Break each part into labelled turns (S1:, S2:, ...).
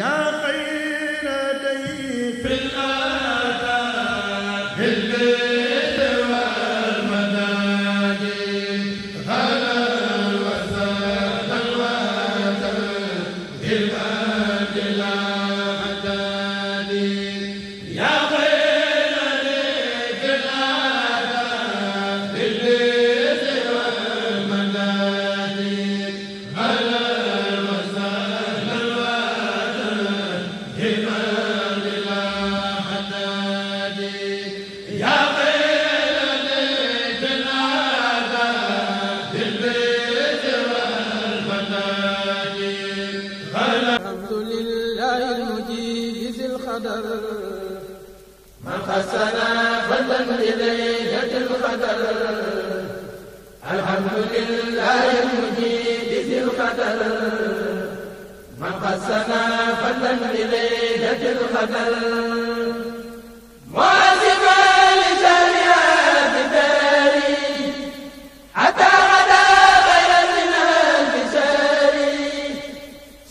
S1: yaa من قسنا فلا إليه بالقدر مواظبا لجامعات داري حتى غدا غير من الفشاري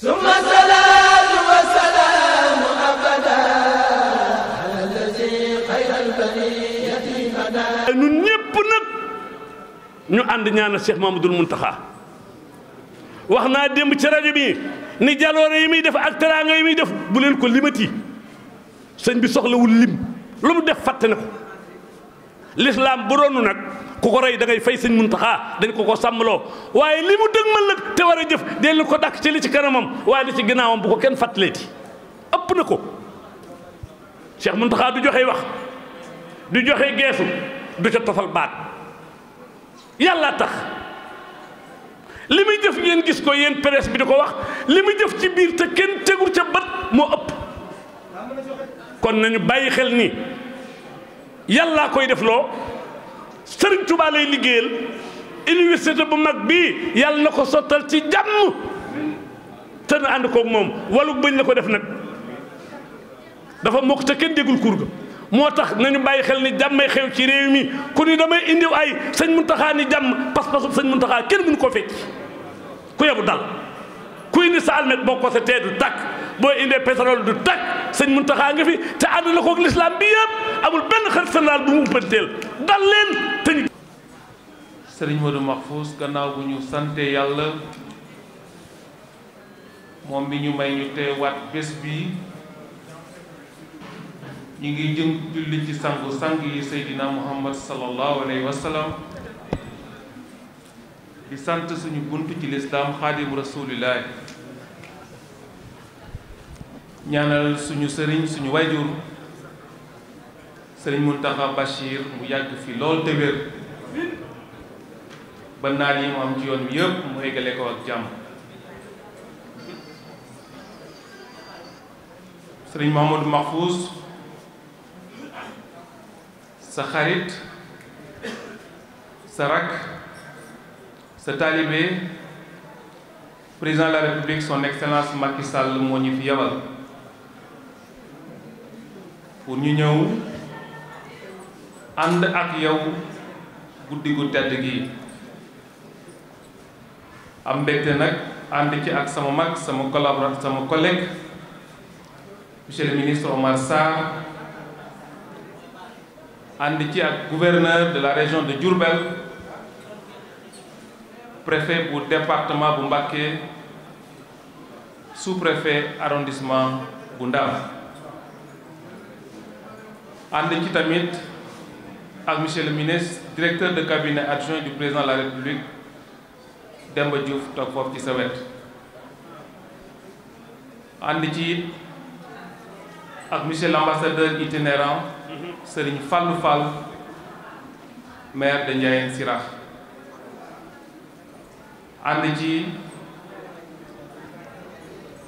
S1: ثم سلام وسلام أبدا على الذي خير البرية بدا
S2: ñun ñëpp nag ñu ànd ñaanal Cheikh Mamadou Mountakha wax naa démb ci rajo bi ni jaloore yi muy def ak teraanga yi muy def bu leen ko limati sëñ bi soxlawul lim lu mu def fàtte na ko lislaam bu doonu nag ku ko rey da ngay fay sëñ Muntaxa dañ ko ko sàmmaloo waaye li mu dëgmal nag te war a jëf dellu ko dàkk ci li ci kanamam waaye li ci ginnaawam bu ko kenn fàttaleeti ëpp na ko Cheikh Muntaxa du joxe wax du joxe geesu du ca tofal baat yàlla tax li muy jëf ngeen gis ko yéen presse bi di ko wax li muy jëf ci biir te kenn tegul ca bët moo ëpp kon nañu bàyyi xel ni yàllaa koy def loo sëriñ Tuubaa lay liggéeyal université bu mag bii yàlla na ko sottal ci jàmm te na ànd koog moom walu bañ la ko def nag dafa mokk te kenn déggul kur ga moo tax nañu bàyyi xel ni jàmmay xew ci réew mi ku ni damay indiw ay sëñ Muntaxaa ni jàmm pas-pasu sëñ Muntaxaa kenn mënu ko fecc ku yebu dal kuy ni sa almet boo sa tee du takk boo indee pétrole du takk sëñ Muntaxa nga fi te ànd na kook lislaam bi yëpp amul benn xarit sénéral bu mu umpanteel dal leen te ñu
S3: sëriñ Modou Mahfous gannaaw bu ñu sante yàlla moom bi ñu may ñu teewaat bés bi ñu ngi jëm julli ci sangu sang yi seydina muhammad sallallahu alayhi wa di sant suñu bunt ci lislaam xaadim rasulillahi ñaanal suñu sëriñ suñu wayjur sëriñ Muntaxa Bachir mu yàgg fi lool te wér ba naan yi mu am ci yoon wi yëpp mu eggale ko ak jàmm sëriñ Mahamadou Mahfouz sa xarit sa rak sa taalibe président de la république son excellence Macky moo ñu fi yabal pour ñu ñëw ànd ak yow guddi gu tedd gi am mbégte nag ànd ci ak sama mag sama collaborateur sama collègue monsieur le ministre Omar Sarr ànd ci ak gouverneur de la région de Diourbel préfet bu département bu Mbacké sous-préfet arrondissement bu Ndar ànd ci tamit ak monsieur le ministre directeur de cabinet adjoint du président la République Demba Diouf foofu ci sa wet ànd ci ak monsieur l'ambassadeur itinérant mhm. Serigne Fallou Fall maire de Ndiayène Sirakh ànd ci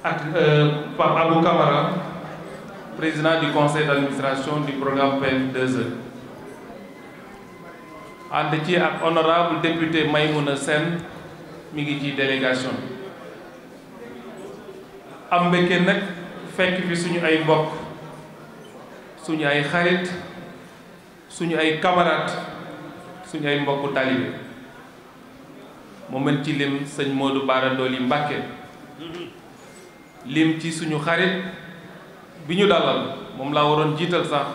S3: ak euh, Pape Abou Camara président du conseil d'administration du programme PF2E ànd ci ak honorable député Maymouna seen mi ngi ci délégation am mbégte nag fekk fi suñu ay mbokk suñu ay xarit suñu ay camarades suñu ay mbokku talibé mu mën ci lim sëñ Modou Bara Dolly Mbàkke lim ci suñu xarit bi ñu dalal moom laa waroon jiital sax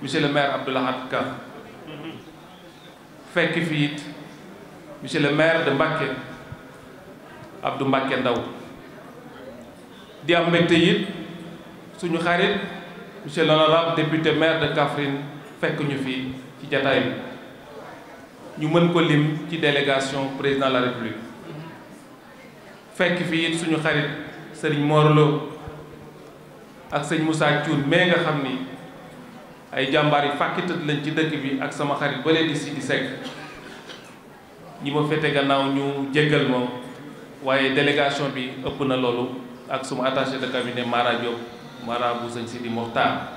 S3: monsieur le maire Abdou Lahad Ka fekk le maire de Mbàkke Ndaw di suñu xarit monsieur l'honorable député maire de Kaffrine fekk ñu fi ci jataay bi ñu mën ko lim ci délégation président la république fekk fii it suñu xarit sëriñ Morlo ak sëñ Moussa Thioune mais nga xam ni ay jàmbaar yi fàkkitat lañ ci dëkk bi ak sama xarit ba léegi sii di sekk ñi ma fete gannaaw ñu jéggal ma waaye délégation bi ëpp na loolu ak suma attaché de cabinet Mara Diop Mara bu sëñ Sidi Mokhtar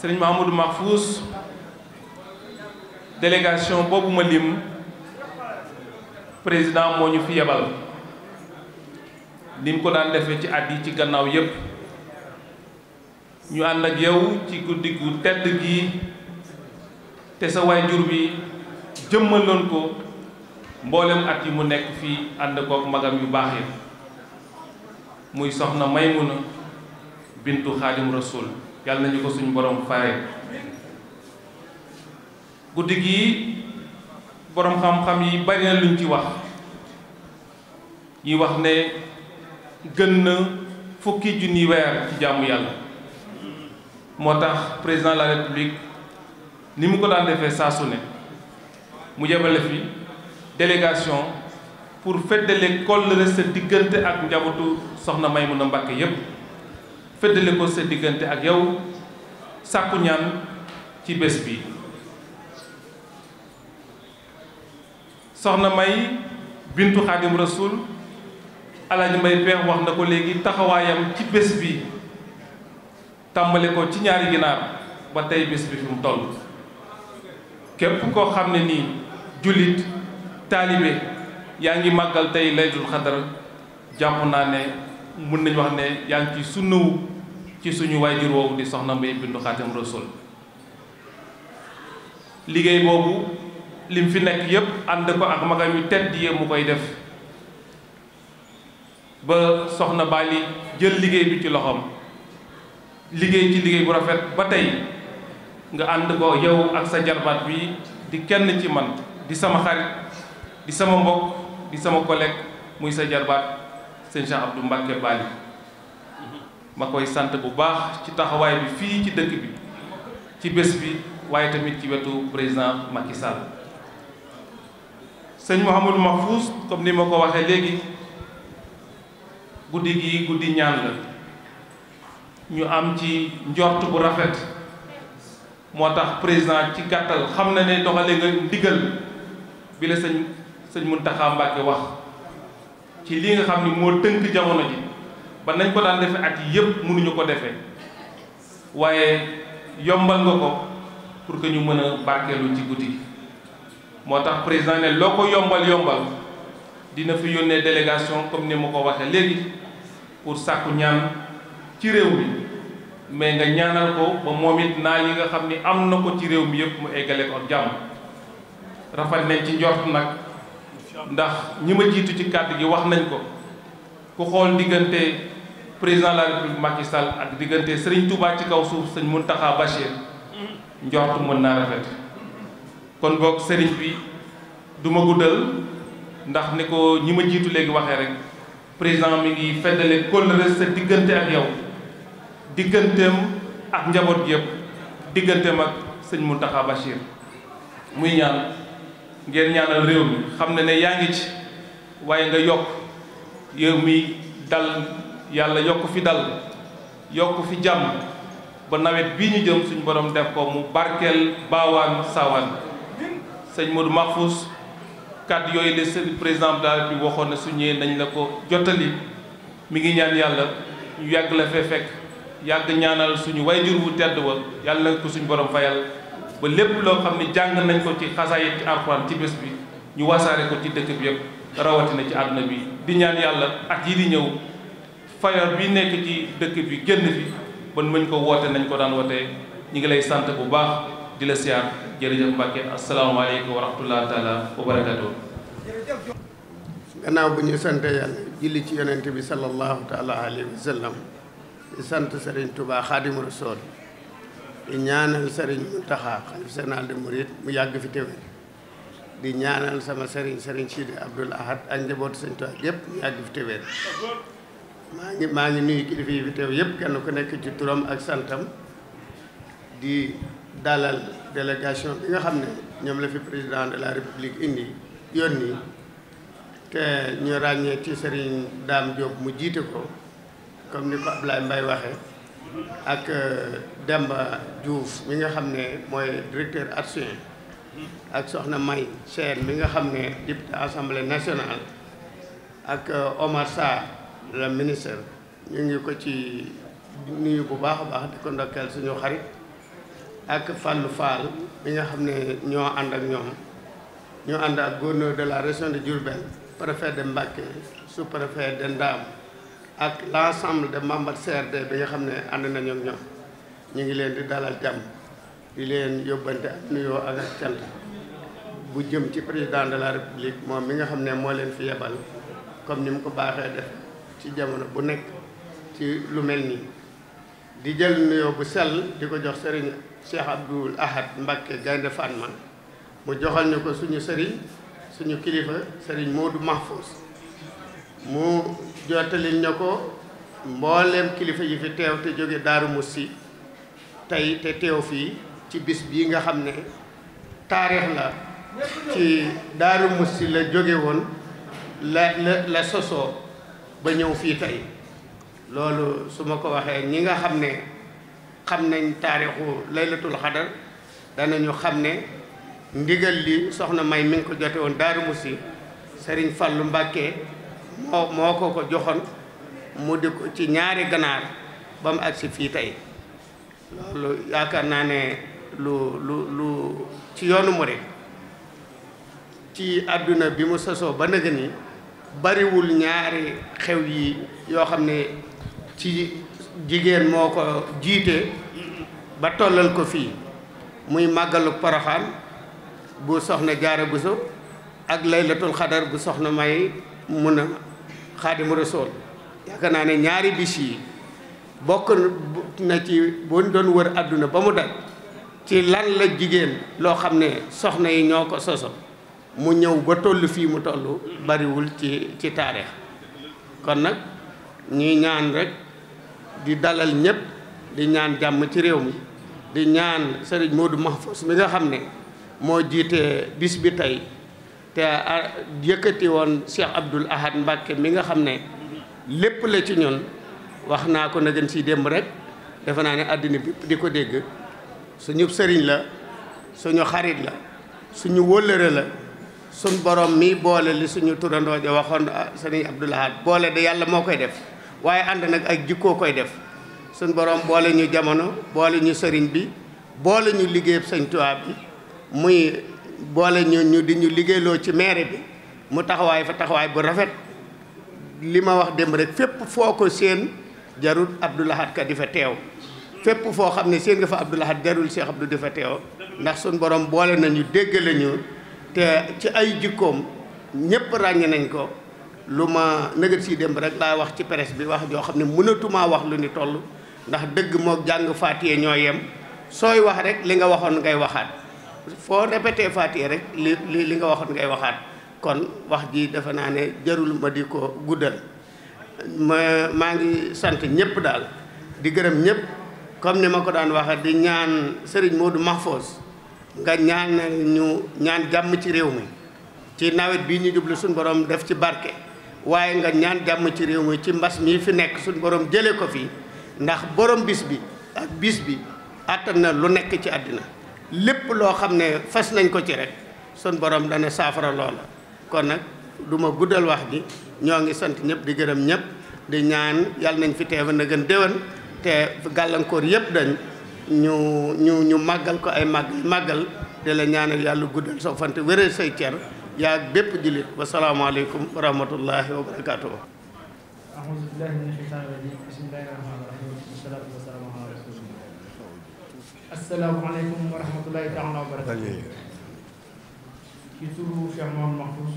S3: sëriñ Mahamadou Mahfouz délégation boobu ma lim président moo ñu fi yebal ni mu ko daan defee ci at yi ci gannaaw yépp ñu ànd ak yow ci guddi gu tedd gii te sa njur bi jëmmaloon ko mboolem at yi mu nekk fii ànd kook magam yu baax muy soxna Maymuna bintu Xaadim Rasul yàlla nañu ko suñu borom fare guddi gi boroom xam-xam yi bari na luñ ci wax ñuy wax ne gën na fukki junni weer ci jaamu yàlla moo tax président de la république ni mu ko daan defee saa su mu yebale fi délégation pour feddale kóllëre sa diggante ak njabootu soxna may Maymuna Mbàkke yépp feddale ko sa diggante ak yow sàkku ci bés bi soxna may bintu xaadim rasul alaaji mbay peex wax na ko léegi taxawaayam ci bés bi tàmbale ko ci ñaari ginaar ba tey bés bi fi mu toll képp koo xam ne nii jullit taalibe yaa ngi màggal tey laytul xadar jàpp naa ne mën nañu wax ne yaa ngi ci sunnawu ci suñu waajur woowu di soxna mbay bintu xaadim rasul liggéey boobu lim fi nekk yépp ànd ko ak magam yu tedd yee mu koy def ba soxna Bali jël liggéey bi ci loxoom liggéey ci liggéey bu rafet ba tey nga ànd ko yow ak sa jarbaat bi di kenn ci man di sama xarit di sama mbokk di sama collègue muy sa jarbaat sëñ Cheikh Abdou Mbacke Bali ma koy sant bu baax ci taxawaay bi fii ci dëkk bi ci bés bi waaye tamit ci wetu président Macky Sall sëñ Mouhamadou Mahfouz comme ni ma ko waxee léegi guddi gii guddi ñaan la ñu am ci njort bu rafet moo tax président ci gàttal xam na ne doxale nga ndigal bi la sëñ sëñ Mountakha Mbacké wax ci li nga xam ni moo tënk jamono ji ba nañ ko daan defee at yi yëpp mënuñu ko defee waaye yombal nga ko pour que ñu mën a barkeelu ci guddi gi moo tax président ne loo ko yombal yombal dina fi yónnee délégation comme ni ma ko waxee léegi pour sàkku ñaan ci réew mi mais nga ñaanal ko ba moom it naa yi nga xam ni am na ko ci réew mi yëpp mu eggale ko jàmm rafet nañ ci njort nag ndax ñi ma jiitu ci kàddu gi wax nañ ko ku xool diggante président de la république Macky ak diggante Serigne Touba ci kaw suuf sëñ Mountakha Bachir njort mën naa rafet. kon boog sëriñ bi duma ma guddal ndax ni ko ñi ma jiitu léegi waxee rek président mi ngi feddale kóllëre sa diggante ak yow digganteem ak njaboot yëpp digganteem ak sëñ Mountakha Bachir muy ñaan ngeen ñaanal réew mi xam ne ne yaa ngi ci waaye nga yokk yow mi dal yàlla yokk fi dal yokk fi jàmm ba nawet bii ñu jëm suñu boroom def ko mu barkeel baawaan saawaan sëñ Modou Mahfous kàddu yooyu la sëñ président de la waxoon ne su ñëwee la ko jottali mi ngi ñaan yàlla ñu yàgg la fee fekk yàgg ñaanal suñu way wayjur wu tedd wa yàlla na ko suñu boroom fayal ba lépp loo xam ne jàng nañ ko ci xasaayit ci alxuraan ci bés bi ñu wasaare ko ci dëkk bi yëpp rawatina ci àdduna bi di ñaan yàlla at yi di ñëw fayal bi nekk ci dëkk bi génn fi ban muñ ko woote nañ ko daan wootee ñu ngi lay sant bu baax di la siyaar jërëjëf Mbàkke asalaamaaleykum wa rahmatulah taala wa barakaatu.
S4: gannaaw bu ñu sant yàlla julli ci yonent bi sallallahu taala alayhi wa di sant Serigne Touba Xaadimu Rasuul di ñaanal Serigne Mountakha xalif général des mourides mu yàgg fi teewee di ñaanal sama Serigne Serigne Sidi Abdoul Ahad ak njabootu Serigne Touba yëpp mu yàgg fi teewee maa ngi maa ngi nuyu kilifa yi fi teew yëpp kenn ku nekk ci turam ak santam di. dalal délégation bi nga xam ne ñoom la fi président de la république indi yónni te ñu ràññee ci Serigne Dame Diop mu jiite ko comme ni ko Ablaye Mbaye waxee ak euh, Demba Diouf mi nga xam ne mooy directeur adjoint ak Soxna May Seen mi nga xam ne député assemblée nationale ak euh, Omar Sarr le ministre ñu ngi ko ci nuyu bu baax a baax di ko ndokkeel suñu xarit ak Fallou Fall bi nga xam ne ñoo ànd ak ñoom ñoo ànd ak gouverneur de la région de Diourbel préfet de Mbacké sous-préfet de Ndam ak l'ensemble des membres CRD bi nga xam ne ànd nañu ak ñoom ñu ngi leen di dalal jàmm di leen yóbbante ak nuyoo ak ak cant bu jëm ci président de la république moom mi nga xam ne moo leen fi yebal comme ni mu ko baaxee def ci jamono bu nekk ci lu mel nii di jël nuyoo bu sell di ko jox sëriñ Cheikh Abdoul Ahad Mbacké Gaynde Fatma mu joxal ñu ko suñu sëriñ suñu kilifa sëriñ Modou Mahfous mu jottali ñu ko mbooleem kilifa yi fi teew te jóge Daaru Musti tey te teew fii ci bis bii nga xam ne taarix la ci Daaru Musti la jóge woon la la la sosoo ba ñëw fii tey loolu su ma ko waxee ñi nga xam ne xam nañ taarixu laylatul xadar ñu xam ne ndigal li soxna may mi ngi ko jote woon Daaru Musi Sëriñ Fallu Mbàkke moo moo ko ko joxoon mu di ko ci ñaari ganaar ba mu agsi fii tey loolu yaakaar naa ne lu lu lu ci yoonu murid ci àdduna bi mu sosoo ba nëgë ni bariwul ñaari xew yi yoo xam ne ci jigéen moo ko jiite ba tollal ko fii muy màggalu Poroxaan bu soxna Jaara Buso ak laylatul xadar bu soxna may mun a xaadimu rasool yaakaar naa ne ñaari bis yi bokk na ci bu doon wër àdduna ba mu daj ci lan la jigéen loo xam ne soxna yi ñoo ko soso mu ñëw ba toll fii mu tollu bariwul ci ci taarix kon nag ñuy ñaan rek di dalal ñëpp di ñaan jàmm ci réew mi di ñaan Serigne du max mi nga xam ne moo jiite bis bi tey te a yëkkati woon Cheikh Abdoul Ahad Mbacke mi nga xam ne lépp la ci ñun wax naa ko na gën si démb rek defe naa ne àddina bi di ko dégg suñu sëriñ la suñu xarit la suñu wóllëre la suñ borom mii boole li suñu turandoo ja waxoon ah, sëriñ Abdoul Ahad boole de yàlla moo koy def waaye ànd nag ak jikkoo koy def suñ borom boole ñu jamono boole ñu sëriñ bi boole ñu liggéeyab sëñ Tuubaa bi muy boole ñu ñu di ñu liggéeyloo ci maire bi mu taxawaay fa taxawaay bu rafet li ma wax dem rek fépp foo ko seen jarul Abdou Lahad Ka di fa teew fépp foo xam ne seen nga fa Abdou jarul Cheikh Abdou di fa teew ndax suñ borom boole nañu dégg lañu te ci ay jikkoom ñëpp ràññe nañ ko lu ma nëgët si démb rek laa wax ci presse bi wax joo xam ne mënatumaa wax lu ni toll ndax dëgg moo jàng Faatiha ñoo yem sooy wax rek li nga waxoon ngay waxaat foo répété Faatiha rek li li li nga waxoon ngay waxaat kon wax ji dafa naa ne jarul ma di ko guddal ma maa ngi sant ñëpp daal di gërëm ñëpp comme ni ma ko daan waxe di ñaan du max foos nga ñaanal ñu ñaan jàmm ci réew mi ci nawet bi ñu jublu suñu borom def ci barke waaye nga ñaan jàmm ci réew mi ci mbas mii fi nekk suñ borom jëlee ko fii ndax borom bis bi ak bis bi àttan na lu nekk ci àddina lépp loo xam ne fas nañ ko ci rek suñ borom dana saafara loola kon nag du ma guddal wax bi ñoo ngi sant ñëpp di gërëm ñëpp di ñaan yàlla nañ fi teewa na gën déwén te gàllankoor yëpp dañ ñu ñu ñu màggal ko ay màgg màggal di la ñaanal yàlla guddal soo fante wéral say cer yaa ak bépp jullit wasalaamaaleykum wa rahmatullahi wa barakaatu.
S5: أعوذ بالله من الشيطان الرجيم بسم الله الرحمن الرحيم والصلاة والسلام على رسول الله السلام عليكم ورحمة الله تعالى وبركاته ci turu Cheikh Mouhamed Mahfouz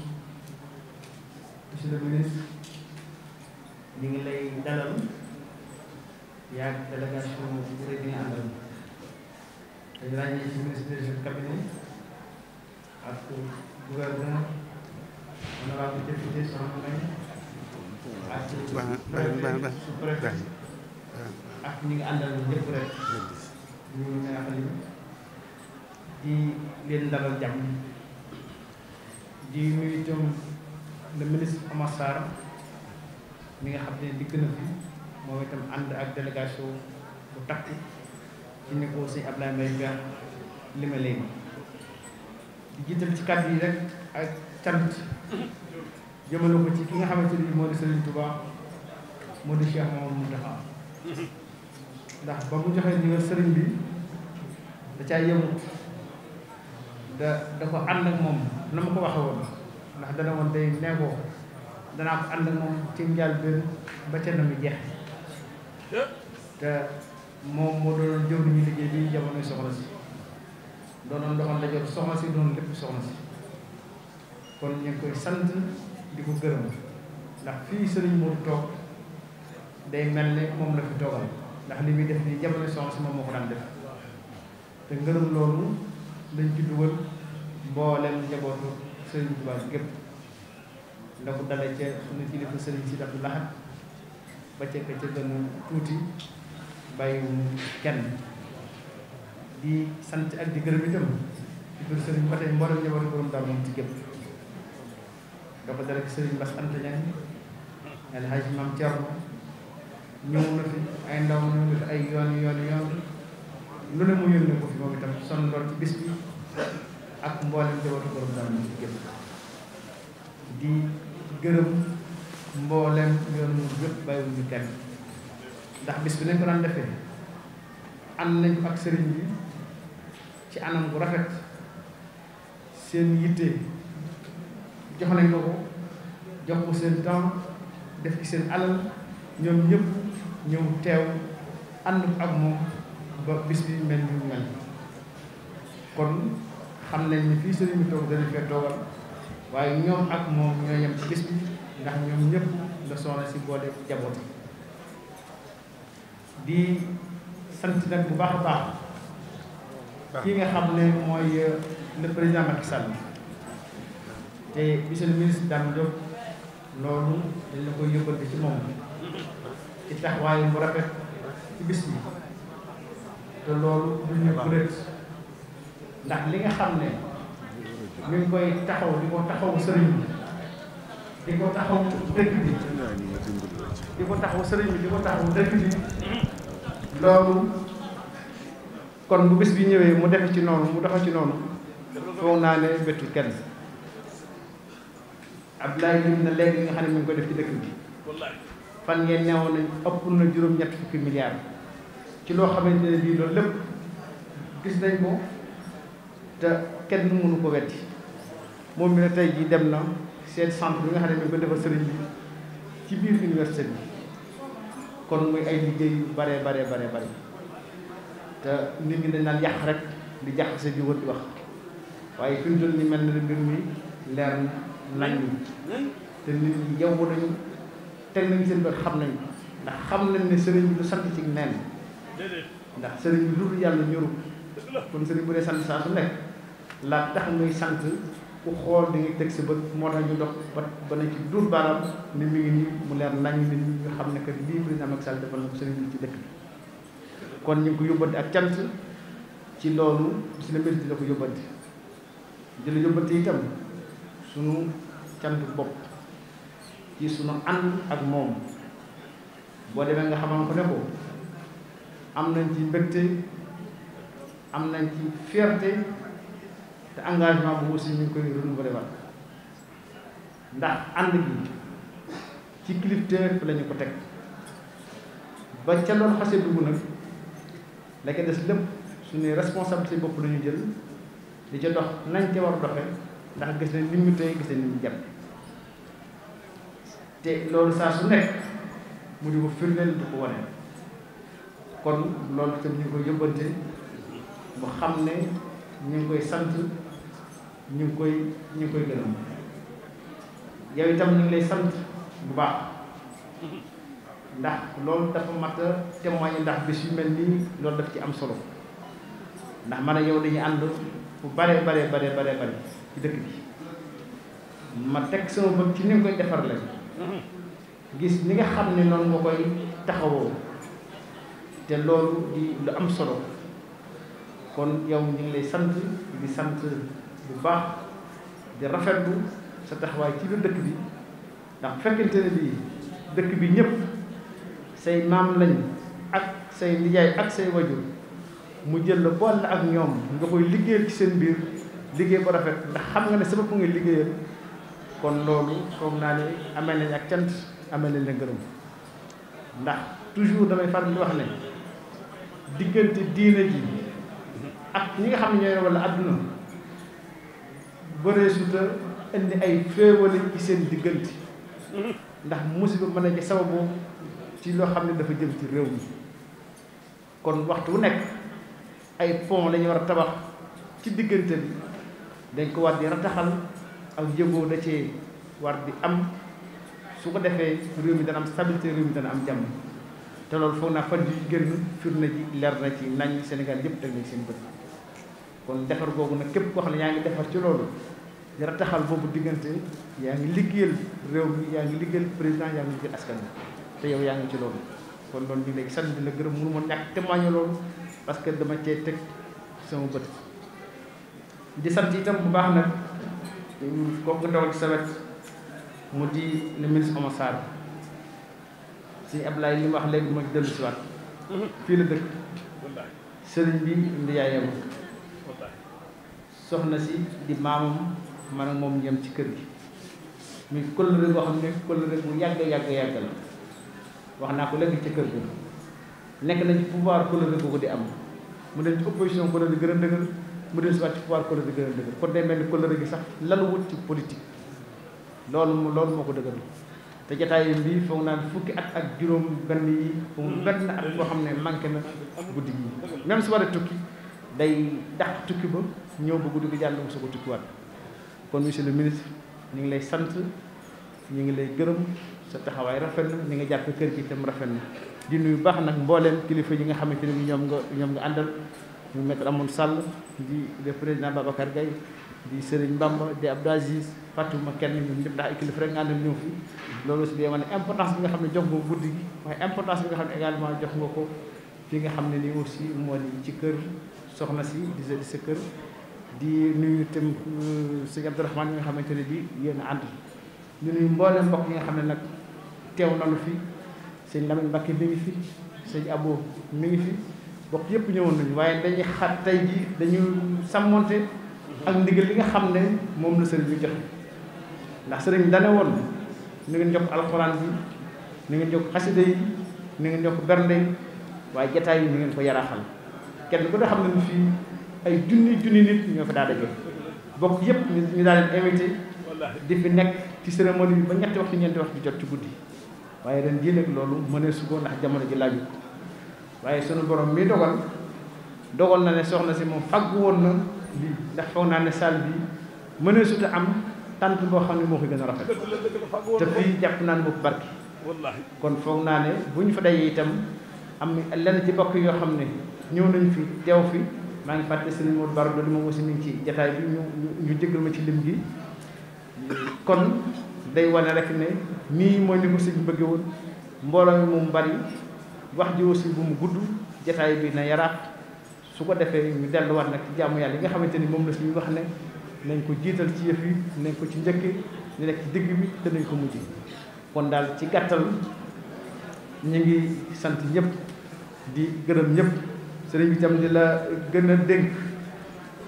S5: monsieur le ministre ñu ngi lay dalal yaag délégation ré bi nga àndal dañ ràññee ci ministre de cabinet ak gouverneur honorable
S4: ak sous nga àndal ñëpp rek
S5: ñu neexal ñu di leen dalal jàmm di nuyu itam le ministre Omar Sarr nga xam ne dikk na fi moom itam ànd ak délégation bu takk ci ni ko sëñ Abdoulaye Mbaye Gar li ma léegi di jiital ci kàddu yi rek ak cant jëmale ko ci ki nga xamante ni moo di Serigne Touba moo di Cheikh Mamadou Moustapha ndax ba mu joxee ndigal Serigne bi da caa yemut da da ko ànd ak moom na ma ko waxee woon ndax dana woon day nekkoo danaa ko ànd ak moom ci njaal benn ba ca na mu jeex te moom moo doon jëw ni ñu liggéey bi jamonoy soxla si doonoon loxo la jot soxna si doon lépp soxna si kon ñu koy sant di ko gërëm ndax fii sëriñ Modou toog day mel ne moom la fi toogal ndax li muy def nii jamono soxna si moom moo ko daan def te ngërëm loolu lañ ci dugal mboolem njabootu sëriñ Tuubaa gépp la ko dale ca suñu kilifa sëriñ si Abdou Lahad ba ca ca gën tuuti bàyyiwuñu kenn di sant ak di gërëm itam di gërëm sëriñ ba tey mboolem njabootu borom daal moom ci gépp dafa ko sëriñ Bass Anta Niang El Hadj Mame Thierno ñëw na fi ay ndaw ñëw yoon yoon yoon lu ne mu yónnee ko fi moom itam sonn lool ci bis bi ak mboolem njabootu borom daal moom ci gépp di gërëm mboolem yoon mu yëpp bàyyiwuñu kenn ndax bis bi ne ko daan defee ànd nañ ak sëriñ bi. ci anam bu rafet seen yitte jox nañ ko ko jox ko seen temps def ci seen alal ñoom ñëpp ñëw teew ànd ak moom ba bis bi mel ni mu mel kon xam nañ ni fii sëriñ bi toog dana fee toogal waaye ñoom ak moom ñoo yem ci bis bi ndax ñoom ñëpp la soxna si boole jaboot di sant nag bu baax a baax kii nga xam ne mooy euh, le président Macky Sall te monsieur le ministre Dame Diop loolu dañ la koy yëbbal ci moom ci taxawaayam bu rafet ci bis bi te loolu duñu kuréet ndax li nga xam ne ñu ngi koy taxaw di ko taxaw sëriñ bi di ko taxaw dëkk bi di bi loolu kon mu bis bi ñëwee mu defe ci noonu mu doxe ci noonu foog naa ne bettul kenn Abdoulaye lim na léegi nga xam ne mi ngi ko def ci dëkk bi fan ngeen neewoon nañ ëpp na juróom-ñett fukki milliards ci loo xamante ne bii loolu lépp gis nañ ko te kenn mënu ko wetti moom mi ne tey jii dem na seen centre bi nga xam ne mi ngi ko defal sëriñ bi ci biir université bi kon muy ay liggéey yu bare bare bare bare te nit ñi dañ naan yàq rek di jaxase di wër di wax waaye fi mu toll mel na mbir mi leer nañ te nit ñi yow nañu teg nañ seen bët xam nañ ndax xam nañ ne sëriñ bi du neen ndax sëriñ bi lu yàlla ñoru kon sëriñ bu dee sant saa su nekk laa tax muy sant ku xool di teg sa bët moo tax ñu dox ba ba na ci duur baaraam ni mi ngi nii mu leer nañ nit ñi nga xam ne que lii président Macky Sall defal na ko bi ci dëkk bi kon ñu ngi ko yóbbante ak cant ci loolu si la mbir di la ko yóbbante di la yóbbante itam sunu cant bopp ci sunu ànd ak moom boo demee nga xamal ko ne ko am nañ ci mbégte am nañ ci fierté te engagement bu aussi ñu ngi koy renouveler waat ndax ànd gi ci kilifteef la ñu ko teg ba ca loolu xasee dugg nag la ca des lépp suñuy responsabilité bopp la jël di ca dox nañ ca war doxe ndax gis nañ ni mu tey gis nañ ni mu jàpp te loolu saa su nekk mu di ko firndeel di ko wane kon loolu itam ñu ngi koy yóbbante bu xam ne ñu ngi koy sant ñu ngi koy ñu ngi koy gërëm yow itam ñu lay sant bu baax ndax loolu dafa mat a témoigner ndax bi su mel nii loolu daf ci am solo ndax mën a yow dañuy ànd bu bare bare bare bare bare ci dëkk bi ma teg sama bët ci ni nga koy defar la gis ni nga xam ne noonu nga koy taxawoo te loolu di lu am solo kon yow ñu ngi lay sant di sant bu baax di rafetlu sa taxawaay ci biir dëkk bi ndax fekkente ne bii dëkk bi ñëpp say maam lañ ak say nijaay ak say wajur mu jël la boole la ak ñoom nga koy liggéeyal ci seen biir liggéey bu rafet ndax xam nga ne sa bopp nga liggéeyal kon loolu foog naa ne amee nañ ak cant amee nañ la ngërëm ndax toujours damay faral di wax ne diggante diine ji ak ñi nga xam ne ñooy wala adduna bëree indi ay féewale ci seen diggante ndax musiba mën a ci sababu ci loo xam ne dafa jëm ci réew mi kon waxtu wu nekk ay pont lañuy war a tabax ci diggante bi dañ ko war di rataxal ak jëgoo da cee war di am su ko defee réew mi dana am stabilité réew mi dana am jàmm te loolu foog naa fan yi gën fir firnde ji leer na ci nañ Sénégal yëpp teg nañ seen bët kon defar googu nag képp koo na yaa ngi defar ci loolu di rataxal boobu diggante yaa ngi liggéeyal réew mi yaa ngi liggéeyal président yaa ngi liggéeyal askan bi te yow yaa ngi ci loolu kon loolu ñu léegi sant la gërëm mënu ma ñàkk témoigner loolu parce que dama cee teg sama bët di sant bu baax nag kooku nga tawal ci sa wet mu di le ministre Omar Sarr suñu Ablaye li mu wax léegi ma dellu si waat mhm. fii la dëkk sëriñ bi ndi yaayam soxna si di maamam man ak moom ñam ci kër gi muy kóllëre boo xam ne kóllëre bu yàgg yàgg yàgg la wax naa ko léegi ci kër gi nekk nañ ci pouvoir coloré ko di am mu dem ci opposition coloré di gën a dëgër mu dem si waat pouvoir coloré di gën a dëgër kon day mel ni coloré gi sax laluwut ci politique loolu loolu moo ko dëgëral te jataay bi foog naa fukki at ak juróom benn yi foog na at boo xam ne manqué na guddi gi même su war a tukki day daq tukki ba ñëw ba guddi gi jàll mu soog a tukkiwaat kon monsieur le ministre ñu ngi lay sant ñu ngi lay gërëm sa taxawaay rafet na ni nga jàpp kër gi tam rafet na di nuyu baax nag mbooleem kilifa yi nga xamante ne bi ñoom nga ñoom nga àndal ñu maître Sall di le président Babacar Gaye di Serigne Bamba di Abdou Aziz fàttewuma kenn ñëpp ndax ay kilifa rek nga àndal ñëw fi loolu bi nga xam ne jox guddi gi waaye importance bi nga xam ne également jox nga ko fi nga xam ne nii aussi moo di ci kër soxna si di sa di sa kër di nuyu euh, nga xamante ne bi yéen ànd ñu nuyu mbooleem mbokk yi nga xam ne nag teew nanu fi sëñ Lamine Mbacke mi ngi fi sëñ Abo mi ngi fi bokk yëpp ñëwoon nañu waaye dañuy xat tey jii dañuy sàmmonte ak ndigal li nga xam ne moom la sëriñ bi joxe ndax sëriñ dane woon ni ngeen jokk alxuraan bi ni ngeen jokk xasida yi ni ngeen jokk bernde yi waaye jataay yi ni ngeen ko yaraaxal kenn ku ne xam ne fii ay junni junni nit ñoo fa daa daje bokk yëpp ñu daal leen invité di fi nekk ci cérémonie bi ba ñetti waxtu ñeenti waxtu jot ci guddi waaye ren jii nag loolu mënee su ndax jamono ji laaju ko waaye sunu borom mi dogal dogal na ne soxna si moom faggu woon na lii ndax foog naa ne salle bi mënee suta am tant boo xam ne moo ko gën a rafet te fii jàpp naan boobu barki kon foog naa ne bu ñu fa dajee itam am lenn ci bokk yoo xam ne ñëw nañ fi teew fi maa ngi fàtte sëriñ Modou Baro loolu moom aussi mi ngi ci jataay bi ñu ñu jégal ma ci lim gi kon day wane rek ne nii mooy ni ko sëñ bëgge woon mbooloo mi moom bari wax ji aussi bu mu gudd jataay bii na yaraat su ko defee ñu delluwaat nag ci jàmm yàlla yi nga xamante ni moom la muy wax ne nañ ko jiital ci yëf yi nañ ko ci njëkk ñu nekk ci digg bi te nañ ko mujj kon daal ci gàttal ñu ngi sant ñëpp di gërëm ñëpp sëriñ bi di la gën a dénk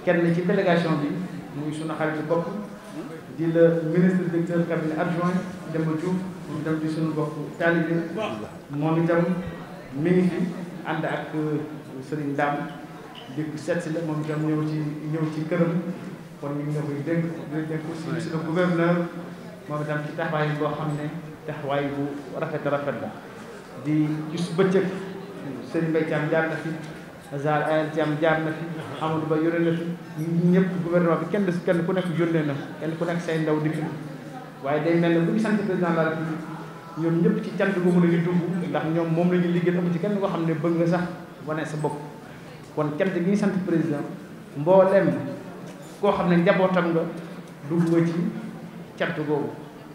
S5: kenn ci délégation bi muy sunu xarit bokk di la ministre directeur cabinet adjoint Demba Diouf moom itam di suñu bokk taalibe moom itam mi ngi fi ànd ak euh, Serigne Dame di seet si la moom itam ñëw ci ñëw ci këram kon ñu ngi koy dégg di dégg aussi suñu gouverneur moom itam ci taxawaay boo xam ne taxawaay bu rafet rafet la di gis bëccëg Serigne Mbaye Thiam jaar na fi. Azar ayal ci am jaar na fi Amadou Ba yore na fi ñëpp gouvernement bi kenn des kenn ku nekk yónnee na kenn ku nekk say ndaw dikk waaye day mel ne bu sant président de la République ñoom ñëpp ci cant boobu la ñu dugg ndax ñoom moom la ñu liggéey amu ci kenn koo xam ne bëgg nga sax wane sa bopp kon cant gi ñu sant président mbooleem koo xam ne njabootam nga dugg nga ci cant googu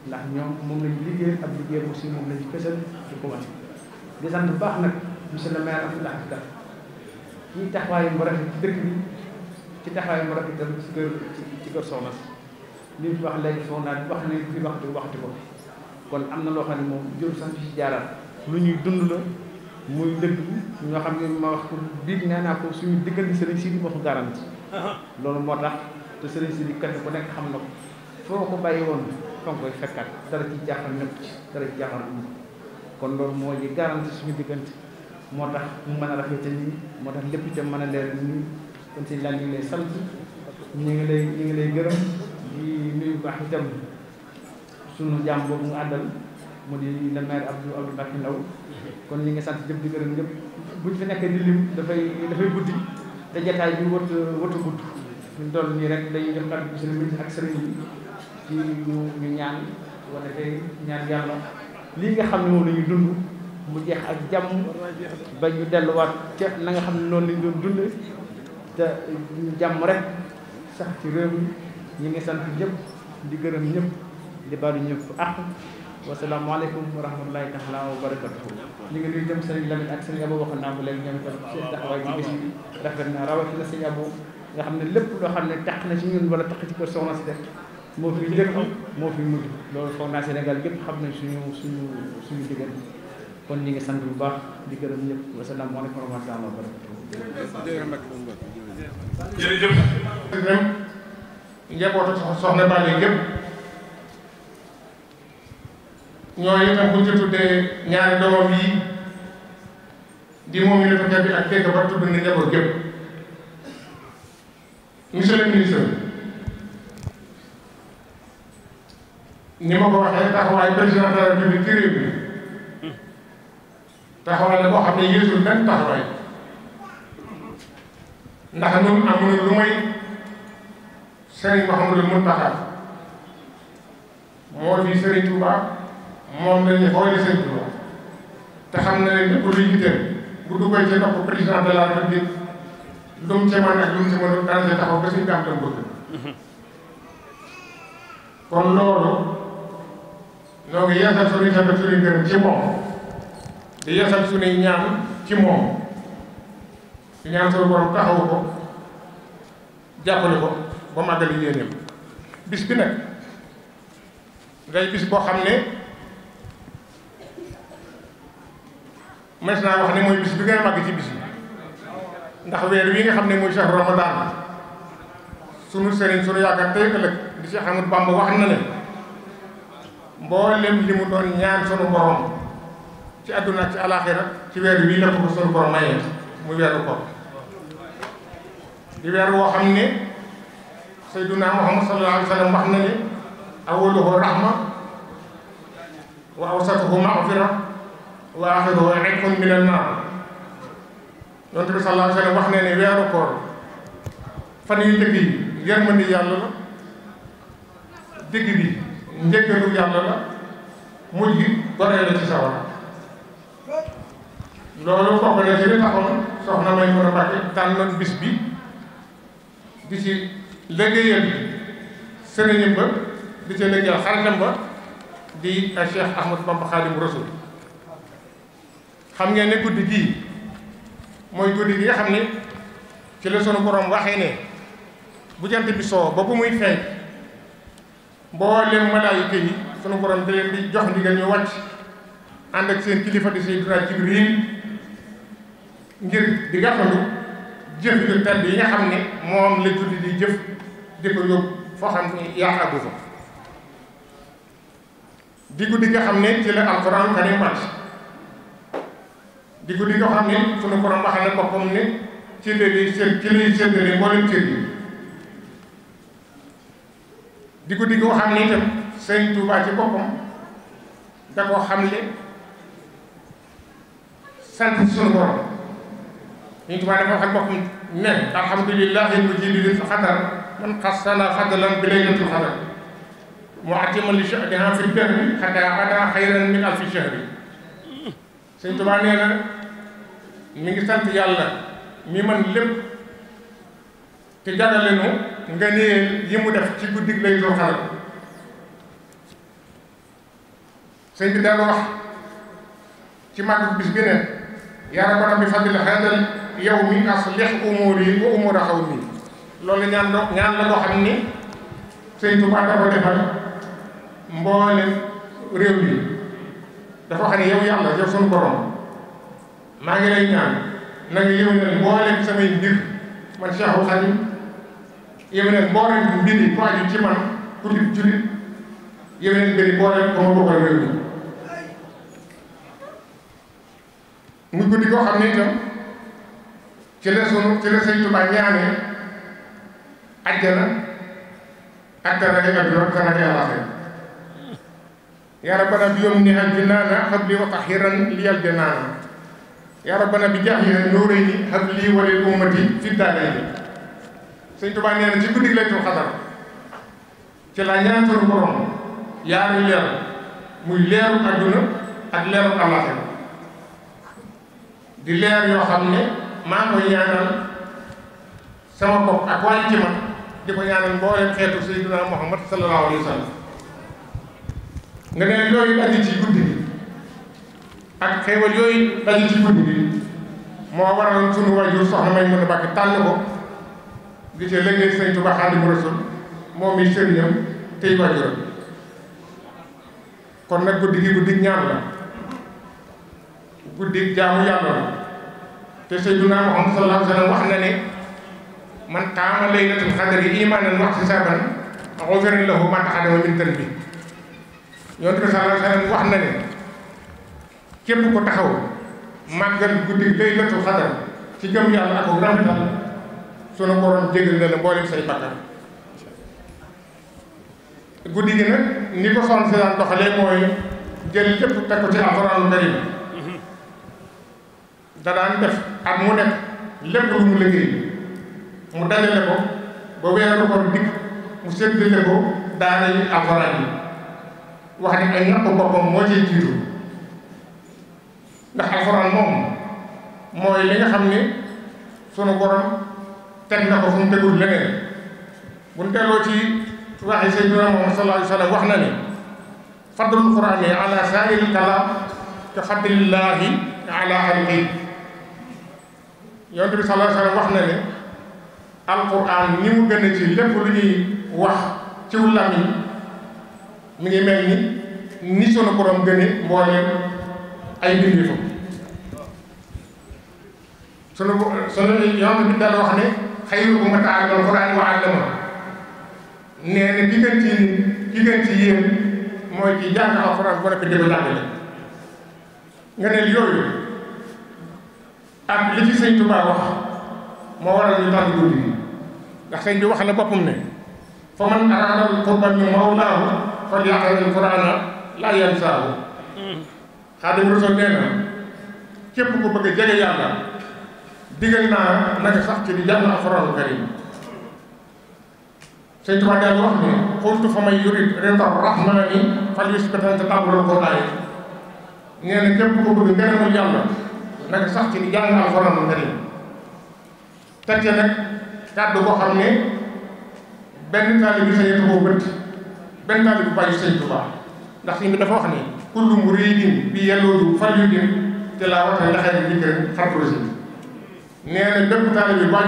S5: ndax ñoom moom la ñu liggéey ak liggéey aussi moom la ñu fësal ci commencé di sant baax nag monsieur le maire Abdoulaye Ka ñuy taxawaayam bu rafet ci dëkk bi ci taxawaayam bu rafet tam ci kër ci kër soxna si li fi wax léegi soxna wax na fi waxtu waxtu ko kon am na loo xam ne moom jël sax ci jaaraat lu ñuy dund la muy dëgg ñoo xam ne ma wax ko biig nee naa ko suñu diggante sëriñ si di ma ko garanti loolu moo tax te sëriñ si di kenn ko nekk xam na ko foo ko bàyyi woon fa nga koy fekkaat dara ci jaaxal nekk ci dara ci jaaxal amul kon loolu moo ñu garanti suñu diggante moo tax mu mën a rafetal nii moo tax lépp itam mën a leer nii kon sëñ Laal ñu ngi lay sant ñu ngi lay ñu ngi lay gërëm di nuyu baax itam sunu jàmm boobu mu àndal mu di le maire Abdou Abdou Mbacke Ndaw kon ñu ngi sant ñëpp di gërëm bu buñ fi nekkee di lim dafay dafay guddi te jataay bi wëtt wëtt gudd ñu toll nii rek dañuy jox kàddu sëriñ bi ak sëriñ bi ci ñu ñu ñaan wala tey ñaan yàlla lii nga xam ne moom la ñuy dund mu jeex ak jàmm ba ñu delluwaat ca na nga xam ne noonu lañ doon dunde te jàmm rek sax ci réew mi ñu ngi sant ñëpp di gërëm ñëpp di baalu ñëpp ak wasalaamaaleykum wa rahmatulahi taala wa barakatuhu ñu ngi nuyu dem sëriñ Lamine ak sëriñ Abo waxoon naa ko léegi ñoom itam seen taxawaay ci bis bi rafet na nga xam ne lépp loo xam ne tax na ci ñun wala tax ci kër soxna si def moo fi njëkk moo fi mujj loolu foog naa Sénégal yëpp xam nañ suñu suñu suñu diggante kon ñu ngi sant bu baax di gërëm ñëpp wasalaamualeykum wa rahmatulah wa barakatuh.
S6: jërëjëf. même gépp ñooñu itam bu ñu ñaari doomam yi di moom ñu ne bi ak dégg ba tudd na njaboot gépp monsieur le ministre ni ma ko waxee taxawaay président de la république ci réew mi taxawaay la boo xam ne yéesul benn taxawaay ndax ñun amuñu lu may Serigne Mouhamadou Mountakha moo fi Serigne Touba moom la ñu xoolee Serigne Touba te xam na ne lépp luy jiite bu duggee ci nopp président de la République lu ci mën ak lu ci mënul daan see taxaw ba suñu gàmm dem bëgg kon loolu ñoo ngi yeesal suñuy ci moom. di yasal suñuy ñaan ci moom di ñaan suñu borom taxawu ko jàppale ko ba màggali yéeneem bis bi nag day bis boo xam ne mës naa wax ne mooy bis bi gën a ci bis bi ndax weer wi nga xam ne muy shahru ramadan sunu sëriñ sunu yaakaar tey ëllëg di Cheikh Ahmadou Bamba wax na ne mboolem li mu doon ñaan sunu borom ci àdduna ak ci alaaxira ci weer wii la ko sunu borom mayee muy weeru koor di weer woo xam ne sayyiduna muhammad sallallahu alayhi wa sallam wax na ne awwaluhu rahma wa awsatuhu maghfira wa axiruhu itqun min annaar yonent bi sallallahu alayhi wa wax na ne weeru koor fan yu njëkk yi yërmande yàlla la digg bi njëkkalu yàlla la mujj gi goree la ci sawara loolu bokk na ci li taxoon soxna may mën a Mbàkke tànnoon bis bi di ci liggéeyal sëriñam ba di ci liggéeyal xaritam ba di Cheikh Ahmadou Bamba Xaadimu Rasuul xam ngeen ne guddi gii mooy guddi gi nga xam ne ci la sunu borom waxee ne bu jant bi soo ba bu muy feeñ mboolem malaayika yi sunu borom di leen di jox ndigal ñu wàcc ànd ak seen kilifa di Seydina Jibril ngir di gàttandu jëf yu tedd yi nga xam ne moom la julli di jëf di ko yóbbu foo xam ne yaa àggu fa di guddi nga xam ne ci la alxuraan di guddi xam ne sunu borom wax na boppam ne di seen ci lay séddale cër yi di guddi nga xam ne itam Sëriñ Tuubaa ci boppam da ko xamle sant suñu borom ñu tubaab dafa wax ak mbokk mi ne alhamdulillahi mujidi lil xadar man xassana fadlan bi laylatul xadar mu atimal li sha'niha fi dahri xataa ada xayran min alfi shahri sëñ tubaab nee na mi ngi sant yàlla mi man lépp te jagale nu nga nee yi def ci guddig laylatul xadar sëñ bi daal wax ci màgg bis bi yaa rabbana bi fadli hadal yawmi aslih umuri wa umura xawmi loolu ñaan do ñaan la doo xam ni Sëñ Tuubaa dafa defal mboolem réew mi dafa xam ne yow yàlla yow sunu borom maa ngi lay ñaan na nga yëwénal mboolem samay mbir man Cheikhul Khadim yëwénal mboolem mbir yi ci man pour di jullit yëwénal mbir yi mboolem ko ma réew mi muy guddi koo xam ne itam ci la sunu ci la Sëñ Tuubaa ñaanee àjjana ak taraage adduna taraage alaaxira yaa yaa rabbana bi jaahi nuurayni habli wa lil ummati fi daarayni Sëñ Tuubaa nee na ci guddi Laylatul Qadr ci la ñaan sunu borom yaari leer muy leeru adduna ak leeru alaaxira di leer yoo xam ne maa ngi koy sama bopp ak wàllu ci ma di ko ñaanal mboolem xeetu Seydina Muhammad sallallahu alayhi wa nga ne yooyu aju ci guddi gi ak xéewal yooyu aju ci guddi gi moo waral sunu wajur soxna may mën a bàkk tànn ko di ci liggéey Sëñ Tuubaa Xaadimu Rasuul moom mi sëriñam tey wajuram kon nag guddi gi guddi ñaan la guddi jaamu yàlla la te Seydina Muhammad sallallahu alayhi wa gi nag ni ko soxna si daan doxalee mooy jël lépp teg ko ci alxuraanul karim da daan def at mu nekk lépp lu mu liggéey mu dajale ko ba weeru ko dikk mu séddale ko daara yi alxuraan yi wax ne ay ñaq boppam moo ciy jiitu ndax alxuraan moom mooy li xam ne sunu borom teg na ko fu mu tegul leneen bu ñu delloo ci waxi Seydina Muhammad sallallahu wax na ne fadlul quraan ala saa'iril kalaam ka fadlillaahi ala xalqi yonent bi sallallahu wa sallam wax na ne alquran ni mu gën a ci lépp lu ñuy wax ci làmmiñ mi ngi mel ni ni sunu borom gëne mbooleem ay mbindeefam sunu sunu yonent bi daal wax ne xayrukum man ta'allama alquran wa 'allamahu nee na ki gën ci ki gën ci yéen mooy ci jàng alquran bu nekk di ko jàngale nga ne yooyu ak li ci sëñ Tuubaa wax moo waral ñu tànn guddi gi ndax sëñ bi wax na boppam ne fa man araadal qurba min mawlaahu falyaqra'il qur'aana laa yansaahu Xaadimu Rasuul nee na képp ku bëgg a jege yàlla digal naa naka sax ci di jàng alxuraanu karim sëñ Tuubaa daal wax ne xultu fa may yurid rida rahmaani falyusbit inda taabul qur'aani nee na képp ku bëgg ngërëmul yàlla na nga sax ci di jàng alxuraanul karim teg ca nag kàddu boo xam ne benn taalibe bi benn taalibe bu bàyyi sëñ Tuubaa ndax sëñ bi dafa wax ni kullu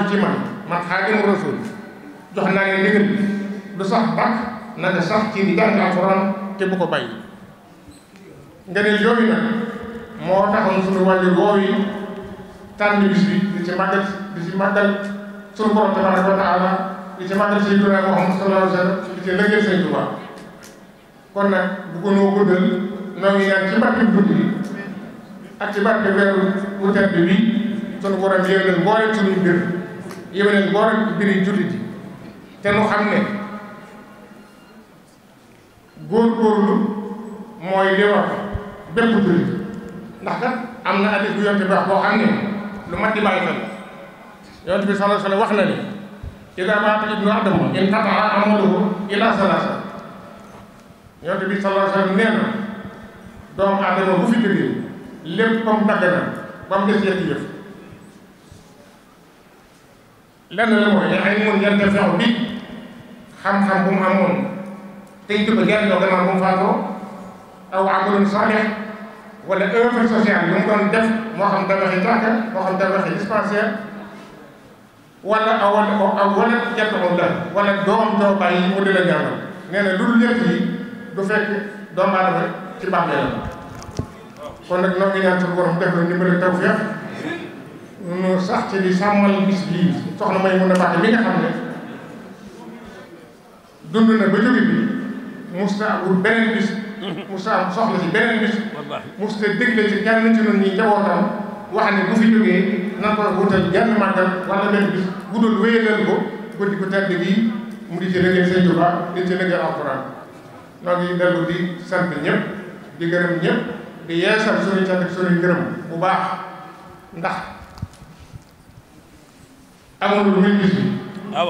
S6: ci man man Xaadimu Rasuul jox naa ne ndigal bi du sax bàkk na nga sax ci di jàng alxuraan te bu ko nga ne yooyu nag moo taxoon suñu wàllu woow yi tànn bis bi di ci màggal di ci màggal suñu borom tabaraka wa taala di ci màggal Seydina Muhammad sallallahu alayhi wa sallam di ci lëggee kon nag bu ko noo guddal noo ngi ñaan ci barke guddi bi ak ci barke weeru wu tedd bi suñu borom yéwénal mboolem suñuy mbir yéwénal mboolem mbiri jullit yi te nu xam ne góorgóorlu mooy li wax bépp jullit ndax kat am na hadis bu yonte bi wax boo lu ma di bàyyi xel bi sallallahu alayhi wax na ni ida maata ibnu adama in qataa bi sallallahu alayhi wa sallam nee na doomu adama bu fi jógee mu des yetti yëf lenn la mooy ay bi xam-xam bu amoon tey jublu gerte doo gannaaw bu mu faatoo aw amalun saalih wala œuvre sociale yu mu doon def moo xam tabaxi jàkka moo xam tabaxi dispensaire wala awal aw wala jant moom la wala doom doo bàyyi mu di la jàngal nee na lu dul lépp du fekk doomu aadama ci bàmmeelam kon nag noo ngi ñaan suñu borom def na ndimbal tawfeex nu sax ci di sàmmal bis bii soxna may mun a baax mi nga xam ne dund na ba jóge bi musta amul beneen bis Moussa soxla si beneen bis mos te dégle ci kenn ci ñun ñi njabootam wax ne bu fi jógee nan ko wutal genn màggal ko guddi ko gi mu di ci liggéey Sëñ Tuubaa di ci liggéey alxuraan noo ngi dellu di sant ñëpp di gërëm ñëpp di yeesal suñu cant ak suñu bu baax ndax amul lu muy bis ah,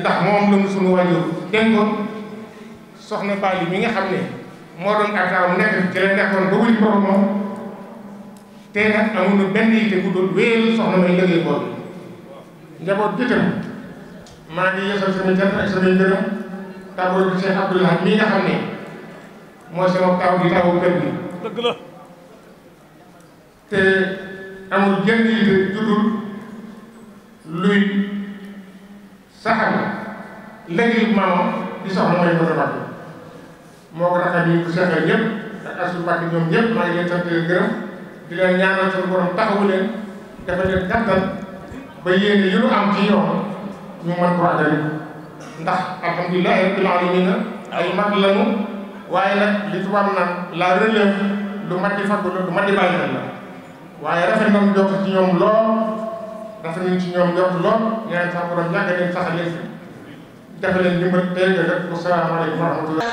S6: ndax moom la mu suñu wàññi dénkoon soxna Bali mi nga xam ne moo doon ak taaw nekk ci la nekkoon ba wuñ boromam te nag amuñu benn yitte bu dul wéyal soxna may liggéey boobu njaboot bi itam maa ngi yeesal sama jant ak sama ngërëm tawul bi Cheikh Abdoulaye te amul jënd yi de judul luy saxal léegi maamam di soxla mooy ko defar. moo ko rafet yi bu seqal ñëpp ak asul mbàkk ñoom ñëpp maa leen sant leen gërëm di leen ñaanal suñu borom taxawu leen dafa leen gàttal ba la relève lu mat di lu mat bàyyi xel la waaye rafet nañu jot ci ñoom lool rafet nañu ci ñoom jot lool ñaan sax borom yàgg leen sax leen def leen dimbal tey nga def ko salaamaaleykum wa rahmatullah